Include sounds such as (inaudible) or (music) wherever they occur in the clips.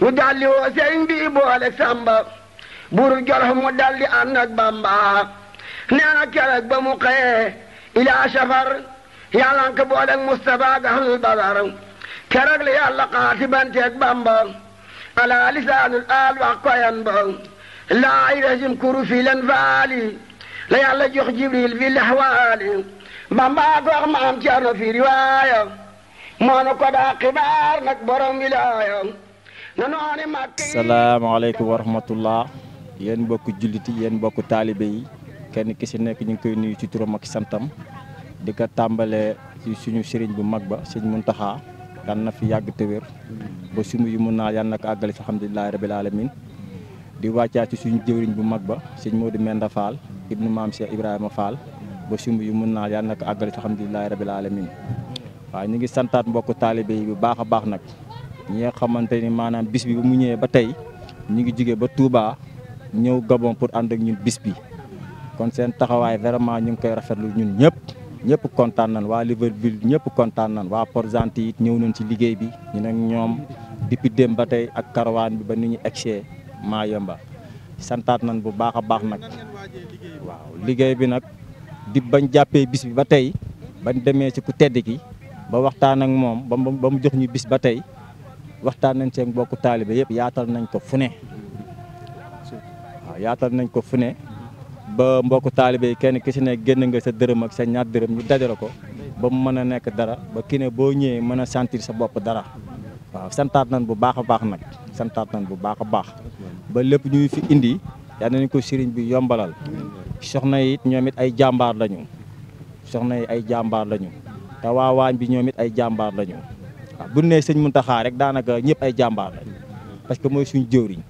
mu daldi woo sëriñ bi boole samba buru jolof mu daldi ànd ak bamba nee na ba mu ilaa safar yàlla nga ko boole ak Mustapha gaxlul la yàlla xaati banteeg bamba ala lisaanul aal wax koyan ba laa irajim kuru fii len faali la yàlla jox jibril fi laxwaali bamba wax maam Cerno fi riwaaya moo ko daa xibaar nag borom wilaaya salaamaaleykum wa rahmatullah yéen mbokku julliti yéen mbokku taalibe yi kenn ki si nekk ñu ngi koy nuyu ci turam ak santam di ko tàmbalee ci suñu sëriñ bu mag ba sëñ Muntaxa yal na fi yàgg te wér ba sumu yu mun naa yal na ko àggale fi alhamdulilahi rabil alamin di wàccaa ci suñu jëwriñ bu mag ba sëñ Modou Menda Fall ibnu maam Cheikh Ibrahima Fall ba sumb yu mun naa yal na ko àggale fi alhamdulilahi rabil alamin waaw ñu ngi santaat mbokk taalibe yi bu baax a baax nag ñi nga xamante ni maanaam bis bi mu ñëwee ba tey ñu ngi jóge ba Touba ñëw Gabon pour ànd ak ñun bis bi kon seen taxawaay vraiment ñu ngi koy rafetlu ñun ñëpp ñëpp kontaan nañ waa Libreville ñëpp kontaan nañ waa Port-Gentil it ñëw nañ ci liggéey bi ñu nag ñoom depuis dem ba tey ak karawaan bi ba nu ñu egsee Mayumba santaat nañ bu baax a baax nag waaw liggéey bi nag di bañ jàppee bis bi ba tey bañ demee ci ku tedd ki ba waxtaan ak moom ba mu jox ñu bis ba tey waxtaan nañ seen mbokku taalibe yëpp yaatal nañ ko fu ne yaatal nañ ko fu ne ba mbokk taalibe yi kenn ki si ne génn nga sa dërëm ak sa ñaar dërëm ñu dajale ko ba mu mën a nekk dara ba ki boo ñëwee mën a sentir sa bopp dara waaw santaat nañ bu baax a baax nag santaat nañ bu baax a baax ba lépp ñuy fi indi yal nañ ko sëriñ bi yombalal soxna yi it ñoom it ay jàmbaar lañu soxna yi ay jàmbaar lañu te waa waañ bi ñoom it ay jàmbaar lañu. waaw bu ñu nee mun Muntaxa rek daanaka ñëpp ay jàmbaar la parce que mooy suñu jëwriñ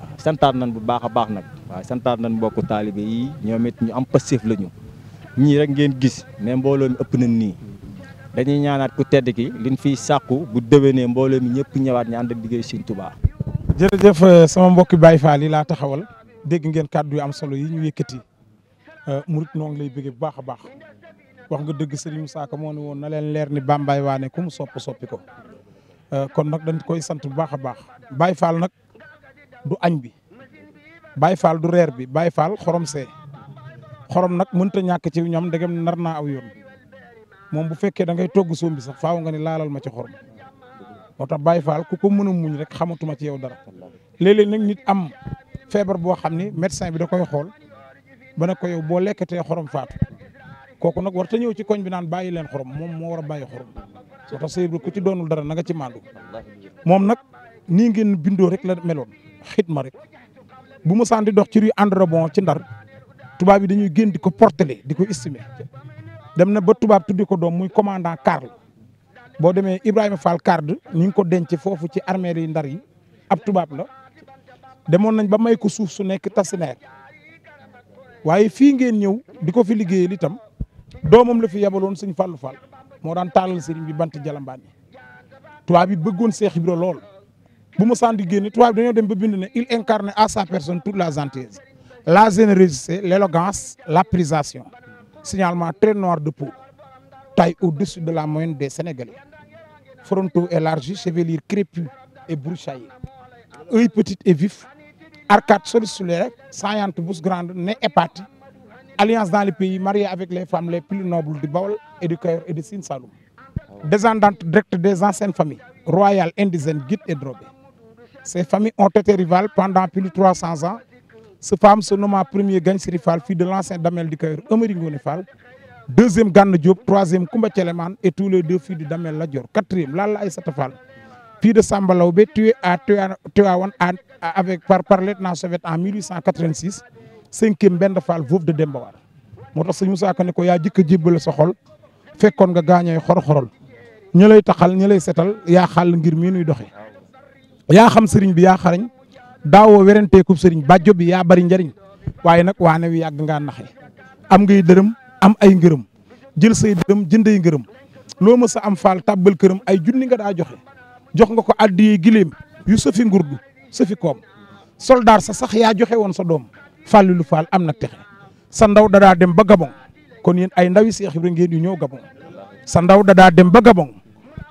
waaw santaat nañ bu baax a baax nag waaw santaar nañ mbokku taalibe yi ñoom it ñu am passif lañu ñii rek ngeen gis mais mbooloo mi ëpp nañ nii dañuy ñaanaat ku tedd ki liñ fiy sàkku bu déwénee mbooloo mi ñëpp ñëwaat ñu ànd ak liggéey sëñ Tuubaa. jërëjëf euh, sama mbokki baay Fall lii laa taxawal dégg ngeen kàddu yi am solo yi ñu yëkkati euh, murit noo ngi lay bëggee bu baax a baax wax nga dëgg Serigne Moussa Ka moo ne woon na leen leer ni Bambaye waane ku mu sopp soppi ko euh, kon nag dañ koy sant bu baax a baax Baye Fall nag du añ bi Baye Fall du reer bi Baye Fall xorom see xorom nag mën a ñàkk ci ñoom ndegem nar naa aw yoon moom bu fekkee da ngay togg soom bi sax faaw nga ni laalal ma ci xorom moo tax Baye Fall ku ko mën a muñ rek xamatuma ci yow dara léeg-léeg nag nit am feebar boo xam ni médecin bi da koy xool ba ne ko yow boo lekkatee xorom kooku nag war ta ñëw ci koñ bi naan bàyyi leen xorom moom moo war a bàyyi xorom soo tax sëriñ bi ci doonul dara na nga ci maandu moom nag nii ngeen bindoo rek la meloon ma rek bu mu saan dox ci rue André Bon ci ndar tubaab yi dañuy génn di ko portele di ko estimé dem na ba tubaab tuddi ko doom muy commandant Karl boo demee Ibrahima Fall Card ñu ngi ko denc foofu ci armée yi ndar yi ab tubaab la demoon nañ ba may ko suuf su nekk tasineer waaye fii ngeen ñëw di ko fi liggéeyal itam doomam la fi yabaloon sëñ Fallou Fall moo daan taalal sëriñ bi bant jalambaan yi tubaab bi bëggoon Cheikh Ibra lool bu ma sànni génne tubaab bi dañoo dem ba bind ne il incarne à sa personne toute la gentillesse la générosité l'élégance la prisation signalement très noir de peau taille au-dessus de la moyenne des Sénégalais frontaux élargis chevelure crépue et broussaillée œil petit et vif arcade sourcilière saillante bouche grande nez épaté alliance dans le pays mariée avec les femmes les plus nobles du Baol et du Cayor et de Sine Saloum descendante directe des anciennes familles royales indigènes Guit et Drobé ces familles ont été rivales pendant plus de 300 ans ce femme se nomma premier Gagne Siri Fall de l'ancien Damel du Cayor Amari Ngoné deuxième Gana Diop troisième Koumba Thieleman et tous les deux filles de Damel Lat Dior quatrième Lalla Aïssata Fall fille de Samba Laobé tuée à Tivaouane avec par par lieutenant cinquième benn faal veuve de Demba War moo tax sëñ Moussa Ka ko yaa jëkk a jébbale sa fekkoon nga gaañooy xor-xorol ñu lay taxal ñu lay setal yaa xàll ngir mii nuy doxee yaa xam sëriñ bi yaa xarañ daawoo werenteeku sëriñ bàjjo bi yaa bari njariñ waaye nag waane wi yàgg ngaa naxee am ngay dërëm am ay ngërëm jël say dërëm jënday ngërëm loo ma sa am faal tàbbal këram ay junni nga daa joxe jox nga ko addiyee gileem yu sëfi ngurdu sëfi koom soldaar sa sax yaa joxe woon sa doom Fallilou Fall am na texe sa ndaw dadaa dem ba Gabon kon yéen ay ndawi Seex Ibra ngeen yu ñëw Gabon sa ndaw dadaa dem ba Gabon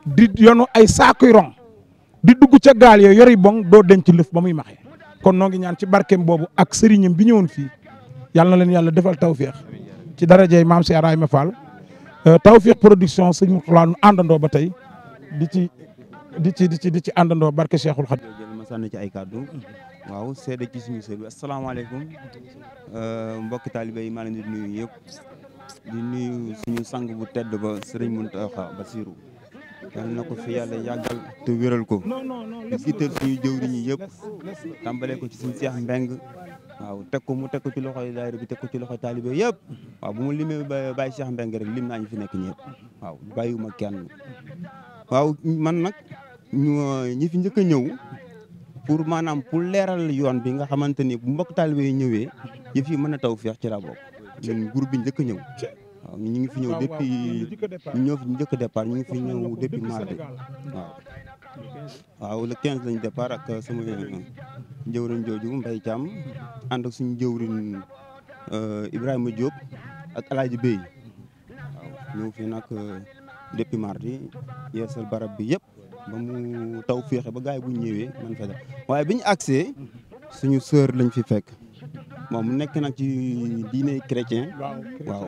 di yonu ay saakuy rong di dugg ca gaal yooy yori bong doo ci lëf ba muy maxe kon noo ngi ñaan ci barke boobu ak sëriñam bi ñëwoon fii yàlla na leen yàlla defal tawféex ci darajey maam Cheikh Ibrahima Fall euh, tawféex production sëñ Mourtala nu àndandoo ba tey di ci di ci di ci di ci àndandoo barke seexul Khadim ma sànni ci ay kàddu waaw seede ci suñu sër bi asalaamaaleykum euh, mbokki taalibe yi maa leen di nuyu yëpp suñu sang bu tedd ba sëriñ Muntaxa Basiru na ko fi yàlla yàggal te wéral ko di gittal suñu jëwriñ yi yëpp tàmbale ko ci suñu seex mbeng waaw teg ko mu teg ci loxoy daayira bi teg ko ci loxoy taalibe yëpp waaw bu mu limee bàyyi seex mbeng rek lim naa ñu fi nekk ñëpp waaw bàyyiwuma kenn waaw man fi njëkk a ñëw pour maanaam pour leeral yoon bi nga xamante ni bu mbokk taalibe yi ñëwee yëf yi mën a taw feex ci laa bokk ñun groupe bi njëkk ñëw waaw ñu ngi fi ñëw depuis ñu fi njëkk départ ñu ngi fi ñëw depuis mardi waaw waaw le lañ départ ak sama njëwriñ jooju Mbaye Thiam ànd ak suñu njëwriñ euh, Ibrahima Diop ak Alaaji Bey waaw ñëw fi nag euh, depuis mardi yeesal barab bi yëpp ba mu taw féexe ba gars yi bu ñu ñëwee man fa def waaye bi ñu agsee suñu sœur lañ fi fekk moom mu nekk nag ci diine chrétien waaw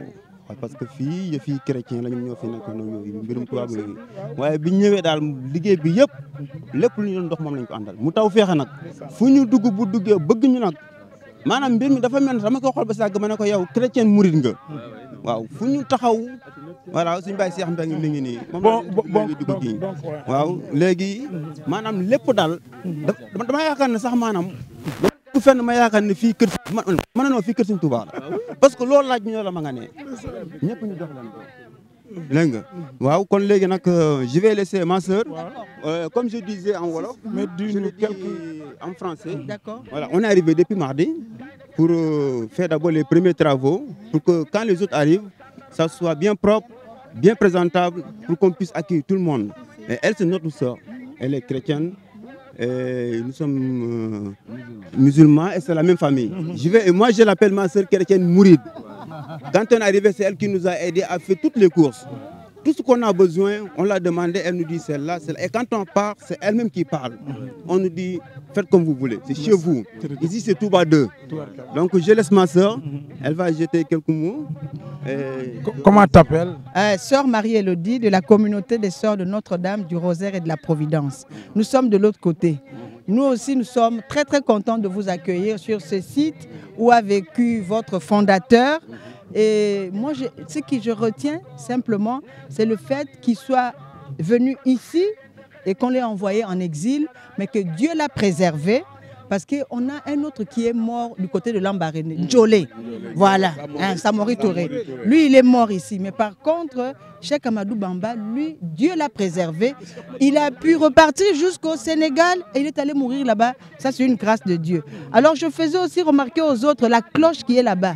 parce que fii yëf yi chrétien la ñoom ñoo fi nekk noonu yooyu mbirum tubaab yooyu waaye bi ñëwee daal liggéey bi yëpp lépp lu ñu doon dox moom lañ ko àndal mu taw féexe nag fu ñu dugg bu duggee bëgg ñu nag maanaam mbir mi dafa mel dama ko xool ba sàgg ma ne ko yow chrétien murid nga waaw fu ñu taxaw voilà suñu bàyyi Cheikh Mbengue mi ngi nii moom ngi dugg gi waaw léegi maanaam lépp daal dama yaakaar ne sax maanaam bu fenn ma yaakaar ne fii kër mën na noo fii kër Sëñ Tuubaa ah parce que loolu laaj ñu la ma nga ne ñëpp ñu jox leen dégg nga waaw kon léegi nag euh, je vais laisser ma euh, comme je disais en wolof. mais dis-nous quelques en français. on est arrivé depuis mardi. pour euh, faire d'abord les premiers travaux pour que quand les autres arrivent ça soit bien propre bien présentable pour qu'on puisse accueillir tout le monde et elle c'est notre sœur elle est chrétienne et nous sommes euh, musulmans et c'est la même famille mhm. je vais et moi je l'appelle ma chrétienne mouride Quand on est arrivé, c'est elle qui nous a aidés à faire toutes les courses. Tout ce qu'on a besoin, on l'a demandé, elle nous dit celle-là, celle-là. Et quand on part, c'est elle-même qui parle. On nous dit, faites comme vous voulez, c'est chez vous. Ici, c'est tout bas deux. Donc, je laisse ma soeur, elle va jeter quelques mots. Et... Comment t'appelles euh, Sœur Marie-Élodie de la communauté des sœurs de Notre-Dame, du Rosaire et de la Providence. Nous sommes de l'autre côté. Nous aussi, nous sommes très très contents de vous accueillir sur ce site où a vécu votre fondateur, Et moi, je, ce que je retiens simplement, c'est le fait qu'ils soient venus ici et qu'on l'ait envoyé en exil, mais que Dieu l'a préservé. Parce qu'on a un autre qui est mort du côté de l'Ambaréné, mm. Djolé. Voilà, hein, Samori Touré. Lui, il est mort ici. Mais par contre, Cheikh Amadou Bamba, lui, Dieu l'a préservé. Il a pu repartir jusqu'au Sénégal et il est allé mourir là-bas. Ça, c'est une grâce de Dieu. Alors, je faisais aussi remarquer aux autres la cloche qui est là-bas.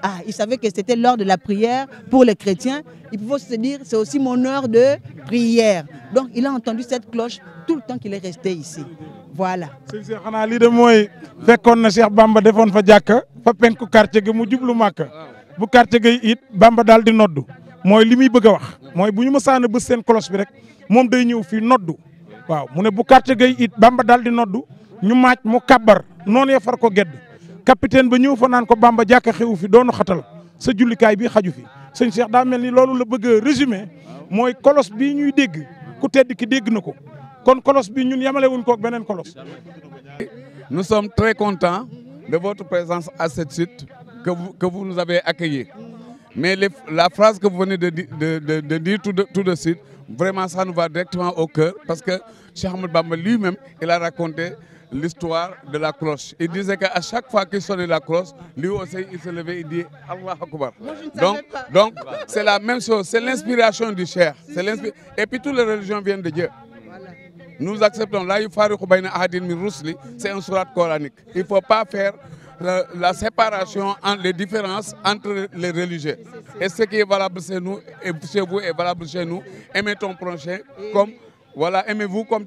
Ah, il savait que c'était l'heure de la prière pour le chrétiens. Il pouvait se dire, c'est aussi mon heure de prière. Donc, il a entendu cette cloche tout le temps qu'il est resté ici. voilà. sëñ si mooy fekkoon na Cheikh Bamba defoon fa jàkka fa penku quartier gi mu jublu màkk bu quartier gi it Bamba daal di noddu mooy li muy bëgg a wax mooy bu ñu mësaan a bës seen cloche bi rek moom day ñëw fii noddu waaw mu ne bu quartier gi it Bamba daal di noddu ñu maaj mu kàbbar noonu ya far ko gedd capitaine ba ñëw fa naan ko Bamba jàkka xewu fi doonu xatal sa jullikaay bi xaju fi sëñ Cheikh daa mel ni loolu la bëgg a résumé mooy kolos bi ñuy dégg ku tedd ki dégg na ko kon kolos bi ñun yamale wuñ ko beneen kolos. nous sommes très contents de votre présence à cette suite que vous que vous mais les, la phrase que vous venez de de de, de dire tout de, tout de suite vraiment ça nous va directement au cœur parce que Cheikh Ahmadou Bamba lui-même il a raconté. l'histoire de la cloche. Il disait qu'à chaque fois qu'il sonnait la cloche, lui aussi, il se levait, il dit Allah Akbar. Moi, donc, c'est la même chose, c'est l'inspiration du cher. C'est Et puis toutes les religions viennent de Dieu. Nous acceptons. Là, il c'est un surat coranique. Il ne faut pas faire la, la séparation, les différences entre les religieux. Et ce qui est valable chez nous, et Aimez ton prochain comme. Voilà, aimez-vous comme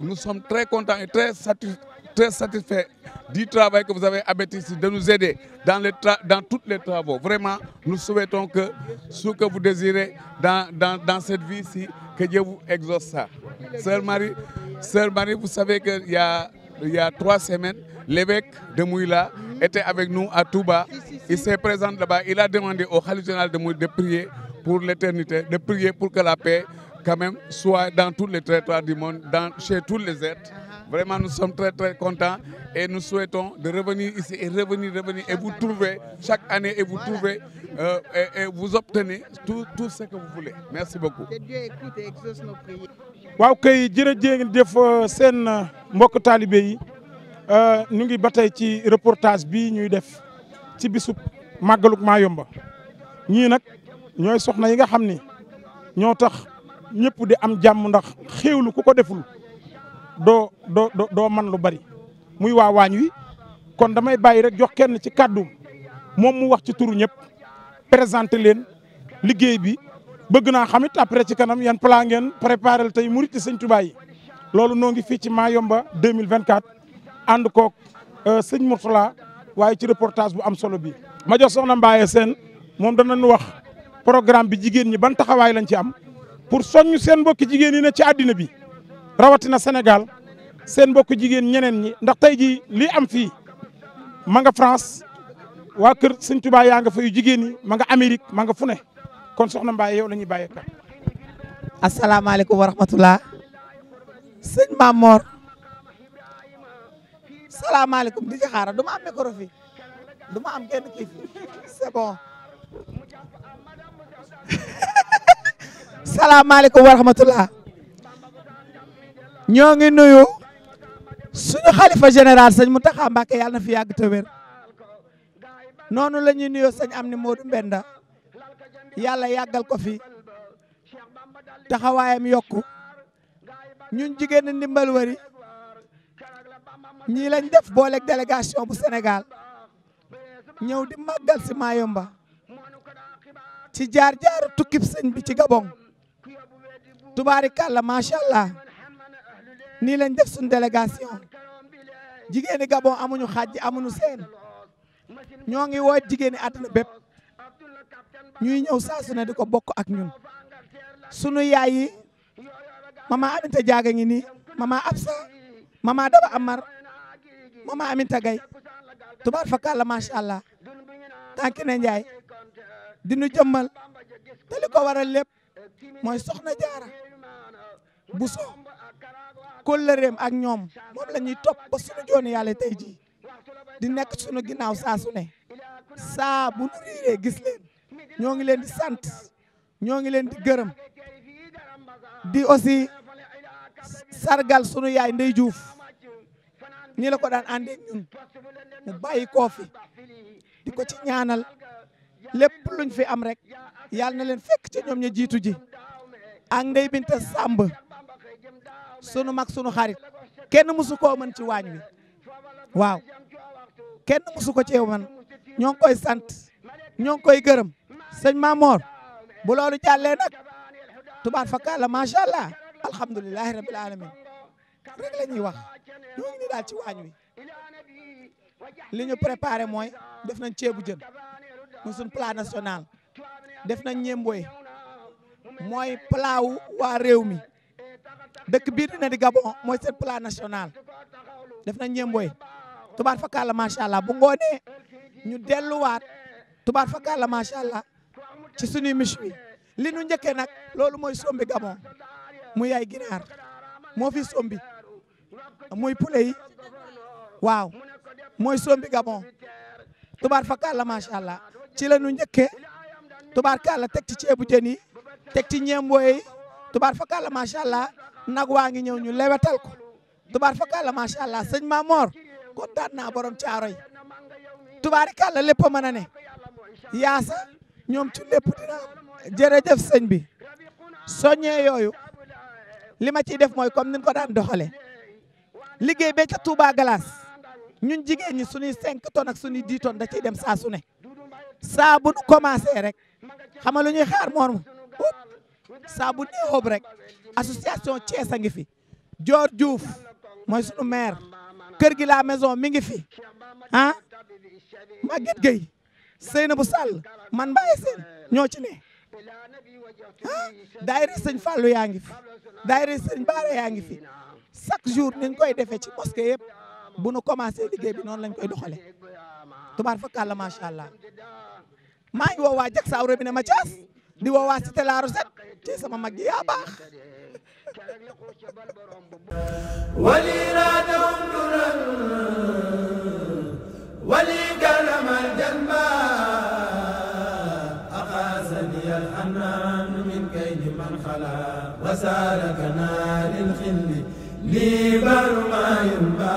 Nous sommes très contents et très, satisf très satisfaits du travail que vous avez abattu, de nous aider dans, les dans les travaux. Vraiment, nous souhaitons que ce que vous désirez dans, dans, dans cette vie si que Dieu vous exauce ça. Sœur Marie, Sœur vous savez qu'il y il y a trois semaines, l'évêque de Mouila était avec nous à Touba. Il s'est présent là-bas. Il a demandé au Khalid général de Mouila de prier pour l'éternité, de prier pour que la paix quand même soit dans tous les territoires du monde, dans, chez tous les êtres. Uh-huh. Vraiment, nous sommes très très contents et nous souhaitons de revenir ici et revenir, revenir et vous trouver chaque année et vous trouver euh, et, et, vous obtenez tout, ce que vous voulez. Merci beaucoup. Que Dieu écoute et exauce nos euh, seen euh, mbokk taalibe yi euh, ñu ngi ba tey ci reportage bi ñuy def ci bisub màggaluk Mayumba ñii nag ñooy soxna yi nga xam ni ñoo tax ñëpp di am jàmm ndax xéewlu ku ko deful doo doo doo man lu bari muy waa waañ wi kon damay bàyyi rek jox kenn ci kàddu moom mu wax ci turu ñëpp présenté leen liggéey bi bëgg naa xamit après ci kanam yan plan ngeen préparé tey mu sëñ Tuubaa yi loolu noo ngi fii ci Mayumba 2024 ànd koog euh, sëñ Mourtala waaye ci reportage bu am solo bi ma jox soxna Mbaye seen moom danañ wax programme bi jigéen ñi ban taxawaay lañ ci am pour soññ seen mbokki jigéen yi ne ci àddina bi rawatina Sénégal seen mbokki jigéen ñeneen ñi ndax tey jii lii am fi manga nga France waa kër Sëñ baa yaa nga fayu jigéen ñi ma nga Amérique ma nga fu ne kon soxna Mbaye yow la ñuy bàyyee kat asalaamaaleykum wa di ci xaaral am micro fi am kenn (laughs) salaamaaleykum wa rahmatullah ñoo ngi nuyu suñu xalifa général sëñ Mountakha Mbacké yàlla na fi yàgg te wér noonu la ñuy nuyoo sëñ am ni Modou Mbenda yàlla yàggal ko fi taxawaayam yokku ñun jigéen ñi ndimbal wari ñii lañ def booleeg délégation bu Sénégal ñëw di màggal si Mayumba ci jaar jaaru tukkib sëñ bi ci Gabon tubaarikàlla macha allah nii lañ def suñu délégation jigéeni Gabon amuñu xàjj amuñu seen ñoo ngi woot jigéeni àddina bépp ñuy ñëw saa di ko bokk ak ñun sunu yaay yi Aminta Diaga ngi nii mama Absa mama Daba Amar mama Aminta Gaye tubaar fakàlla macha allah tànki Njaay di nu jëmmal te li ko waral lépp mooy soxna jaara buso kóllëreem ak ñoom moom la ñuy topp ba sunu jooni yàlla tey jii di nekk sunu ginnaaw saa sune saa bu nu riiree gis leen ñoo ngi leen di sant ñoo ngi leen di gërëm di aussi sargal sunu yaay Ndey Juuf ñi la ko daan àndee ñun mu bàyyi koo fi di ko ci ñaanal lépp luñ fi am rek yal na leen fekk ci ñoom ñu jiitu ji ak Ndey Binta sunu mag sunu xarit kenn mësu koo mën ci waañ wi waaw kenn mësu ko ceew man ñoo koy sant ñoo ngi koy gërëm sëñ Mamor bu loolu jàllee nag tubaat fa la macha allah alhamdulilahi rabil alamin rek la ñuy wax ñu ngi daal ci waañ wi li ñu mooy def nañ ceebu jën mu suñ plat national def nañ ñemboy mooy plat waa réew dëkk bii dina di Gabon mooy seen plan national def na ñemboy tubaar fakalla macha allah bu ngoonee ñu delluwaat tubaar fakalla macha allah ci suñuy miche bi li nu njëkkee nag loolu mooy sombi Gabon muy ay ginaar moo fi sombi muy poulet waaw mooy sombi Gabon tubaar fakalla macha allah ci la nu njëkkee tubaar kalla teg ci ceebu jën yi teg ci ñemboy yi tubaar fakalla macha allah nag waa ngi ñëw ñu lewetal ko tubaar fa kàlla macha allah sëñ Mamor kontaan naa borom caaro yi tubaari kàlla lépp a mën a ne yaasa ñoom ci lépp dina jërëjëf sëñ bi soññee yooyu li ma ciy def mooy comme niñ ko daan doxale liggéey ba ca Touba Glace ñun jigéen ñi suñuy 5 tonnes ak sunu 10 tonnes da ciy dem saa sune ne saa rek xam nga xaar moor saa bu nee xob rek association Thiès a ngi fi Dior Diouf mooy sunu maire kër gi la maison mi ngi fi ah Maguette na Seynabou Sall man Mbaye Sène ñoo ci ne ah daayira sëñ Fallou yaa ngi fi daayira sëñ Baara yaa ngi fi chaque jour ni ñu koy defee ci mosquée yëpp bu nu commencé liggéey bi noonu lañ koy doxalee tubaar fakàlla macha allah maa ngi woo waa Jaksaaw robinet Mathias di woo waa Cité La metti sama mag yaa baax wali raadam duran wali galamal janba aqasani al anan min kaydi man khala wasalaka naril khilli li barma yumba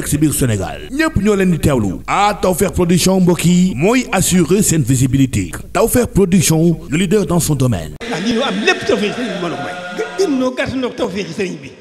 nekk si biir Sénégal ñépp ñoo leen di teewlu ah Tawfekh production mbokk yi mooy assurer seen visibilité Tawfekh production le leader dans son domaine. ah am lépp Tawfekh sëriñ bi a may. gën